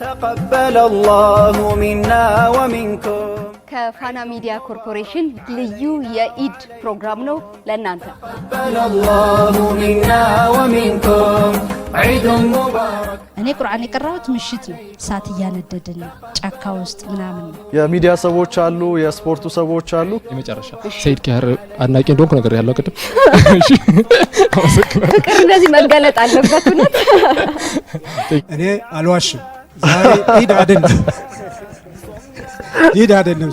ተቀበለ አላሁ ሚና ወሚንኩም ከፋና ሚዲያ ኮርፖሬሽን ልዩ የኢድ ፕሮግራም ነው ለእናንተ። እኔ ቁርአን የቀራሁት ምሽት ነው። እሳት እያነደድን ነው፣ ጫካ ውስጥ ምናምን ነው። የሚዲያ ሰዎች አሉ፣ የስፖርቱ ሰዎች አሉ። የመጨረሻ ሰይድ ኪያር አድናቂ እንደሆንኩ ነገር ያለው ቅድም ፍቅር እንደዚህ መገለጥ አለበት። እኔ አልዋሽም። ሂድ አይደለም ሂድ አይደለም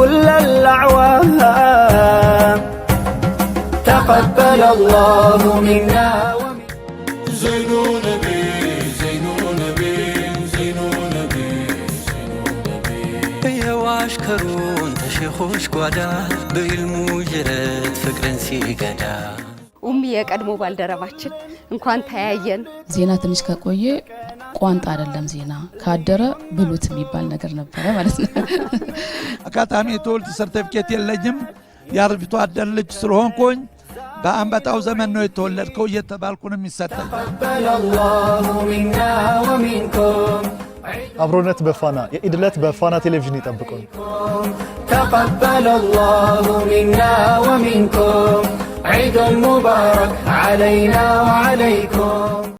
كل الأعوام تقبل الله منا زينون بي زينون بي زينون بي يواشكرون تشيخوش قوادا بالمجرد فكرا سيقدا ኡሚ የቀድሞ ባልደረባችን እንኳን ተያየን። ዜና ትንሽ ከቆየ ቋንጣ አይደለም ዜና ካደረ ብሉት የሚባል ነገር ነበረ ማለት ነው። አካታሚ የትውልድ ሰርቲፊኬት የለኝም የአርብቶ አደር ልጅ ስለሆንኩኝ በአንበጣው ዘመን ነው የተወለድከው እየተባልኩ ነው የሚሰጠው። አብሮነት በፋና የኢድለት በፋና ቴሌቪዥን ይጠብቁን። ተቀበለ አላሁ ሚና ወሚንኩም عيد مبارك علينا وعليكم